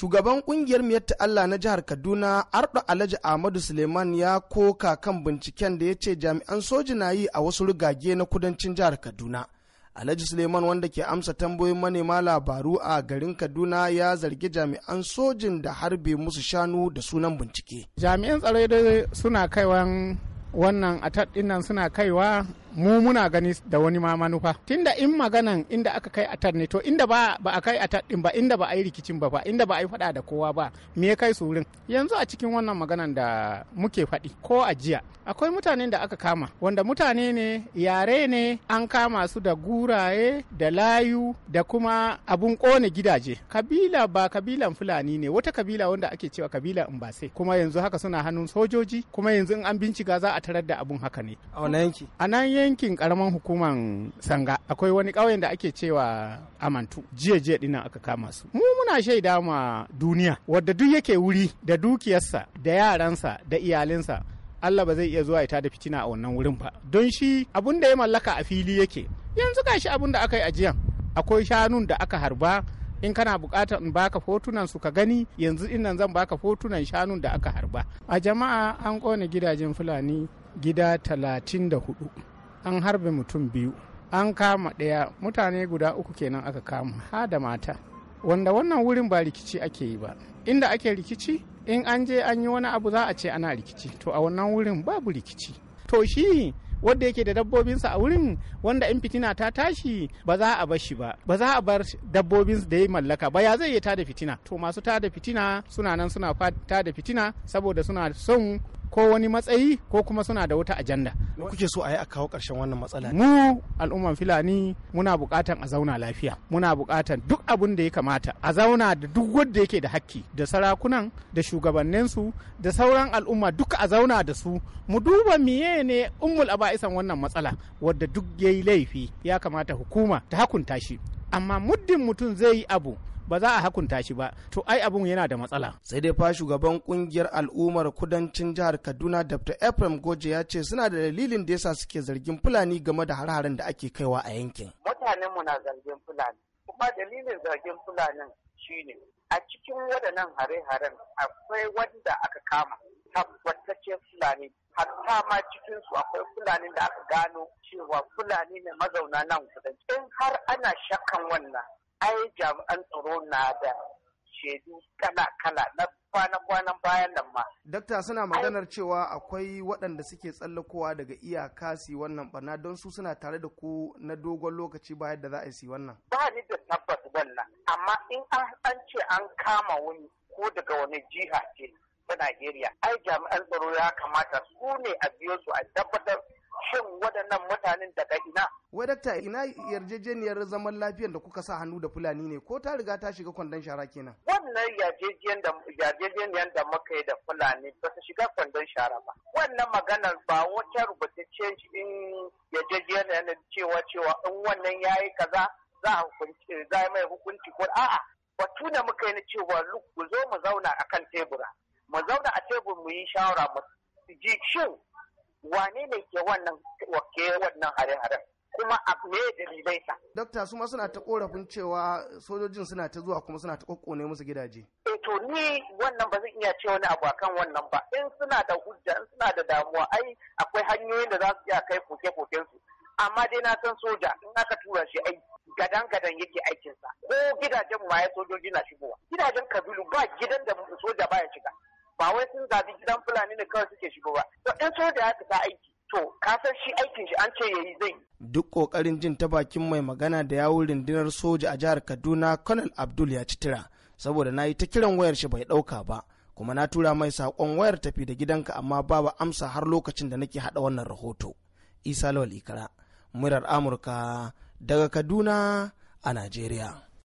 Shugaban kungiyar miyatta Allah na jihar Kaduna Ardo Alhaji Ahmadu Suleiman ya koka kan binciken da ya ce jami'an soji na yi a wasu rigage na kudancin jihar Kaduna. Alhaji Suleiman wanda ke amsa tambayoyin manema labaru a garin Kaduna ya zargi jami'an sojin da harbe musu shanu da sunan bincike. Jami'an tsaro suna kaiwan wannan nan suna kaiwa mu muna gani da wani ma manufa tunda in maganan inda aka kai atar ne to inda ba ba a kai atar ba inda ba a yi rikicin ba ba inda ba a yi fada da kowa ba me ya kai su wurin yanzu a cikin wannan maganan da muke faɗi ko a jiya akwai mutane da aka kama wanda mutane ne yare ne an kama su da guraye da layu da kuma abun kone gidaje kabila ba kabilan fulani ne wata kabila wanda ake cewa kabila in ba sai. kuma yanzu haka suna hannun sojoji kuma yanzu in an bincika za a tarar da abun haka ne a yanki a nan yankin karaman hukuman sanga akwai wani ƙauyen da ake cewa amantu jiya jiya dinnan aka kama su mu muna shaida ma duniya wadda duk yake wuri da dukiyarsa da yaransa da iyalinsa Allah ba zai iya zuwa ita da fitina a wannan wurin ba don shi abun da ya mallaka a fili yake yanzu gashi abun da aka yi ajiyan akwai shanun da aka harba in kana bukatar in baka hotunan su ka gani yanzu innan zan baka hotunan shanun da aka harba a jama'a an kone gidajen fulani gida talatin da hudu an harbe mutum biyu an kama ɗaya mutane guda uku kenan aka kama ha da mata wanda wannan wurin ba rikici ake yi ba inda ake rikici in an je an yi wani abu za a ce ana rikici to a wannan wurin babu rikici to shi wanda yake da dabbobinsa a wurin wanda in fitina ta tashi ba za a bar shi ba ba za a bar dabbobin da ya mallaka ba ya zai iya tada fitina to masu tada fitina suna nan suna tada fitina saboda suna son ko wani matsayi ko kuma suna da wata ajanda. Me kuke so a yi a kawo ƙarshen wannan matsala? Mu al'umman Fulani muna buƙatan a zauna lafiya. Muna buƙatan duk abin da ya kamata a zauna da duk wanda yake da hakki da sarakunan da shugabanninsu da sauran al'umma duk a zauna da su mu duba miye ne ummul aba'isan wannan matsala wadda duk yayi laifi ya kamata hukuma ta hakunta shi amma muddin mutum zai yi abu ba za a hakunta shi ba to ai abun yana da matsala sai dai fa shugaban kungiyar al'ummar kudancin jihar kaduna dr ephraim goje ya ce suna da dalilin da yasa suke zargin fulani game da har-haren da ake kaiwa a yankin mutanen mu na zargin fulani kuma dalilin zargin fulani shine a cikin waɗannan hare-haren akwai wanda aka kama tabbataccen fulani hatta ma cikin su akwai fulani da aka gano cewa fulani ne mazauna nan kudanci in har ana shakkan wannan ai jami'an tsaro na da shaidu kala-kala na kwana-kwanan bayan nan ma. Dakta suna maganar cewa akwai waɗanda suke tsallakowa daga iyaka su wannan barna don su suna tare da ku na dogon lokaci bayan da za a yi wannan. Ba ni da tabbas wannan, amma in an ce an kama wani ko daga wani jiha ce ta Najeriya ai jami'an tsaro ya kamata su ne a biyo su a tabbatar shin waɗannan mutanen daga ina wai dakta ina yarjejeniyar zaman lafiyar da kuka sa hannu da fulani ne ko ta riga ta shiga kwandon shara kenan wannan yarjejeniyar da muka yi da fulani ba ta shiga kwandon shara ba wannan maganar ba wata rubutacce in yarjejeniyar cewa cewa in wannan ya yi kaza za a hukunci za mai hukunci ko a'a batu da muka yi na cewa ku zo mu zauna akan tebura mu zauna a tebur mu yi shawara mu ji shin wane ne ke wannan ke wannan hare-haren kuma a me dalilai sa. Dokta su ma suna ta korafin cewa sojojin suna ta zuwa kuma suna ta kokkone musu gidaje. E to ni wannan ba zan iya cewa wani abu akan wannan ba in suna da hujja in suna da damuwa ai akwai hanyoyin da za su iya kai koke-koken su amma dai na san soja in aka tura shi ai gadan gadan yake aikinsa ko gidajen ma sojoji na shigowa gidajen kabilu ba gidan da soja baya shiga ba wai sun zabi gidan fulani ne kawai suke shigo ba to in soja ya fita aiki to ka san shi aikin shi an ce yayi zai duk kokarin jin ta bakin mai magana da yawun rundunar soja a jihar Kaduna Colonel Abdul ya ci tira saboda nayi ta kiran wayar shi bai dauka ba kuma na tura mai saƙon wayar tafi da gidanka amma babu amsa har lokacin da nake haɗa wannan rahoto isa lawal ikara murar amurka daga kaduna a najeriya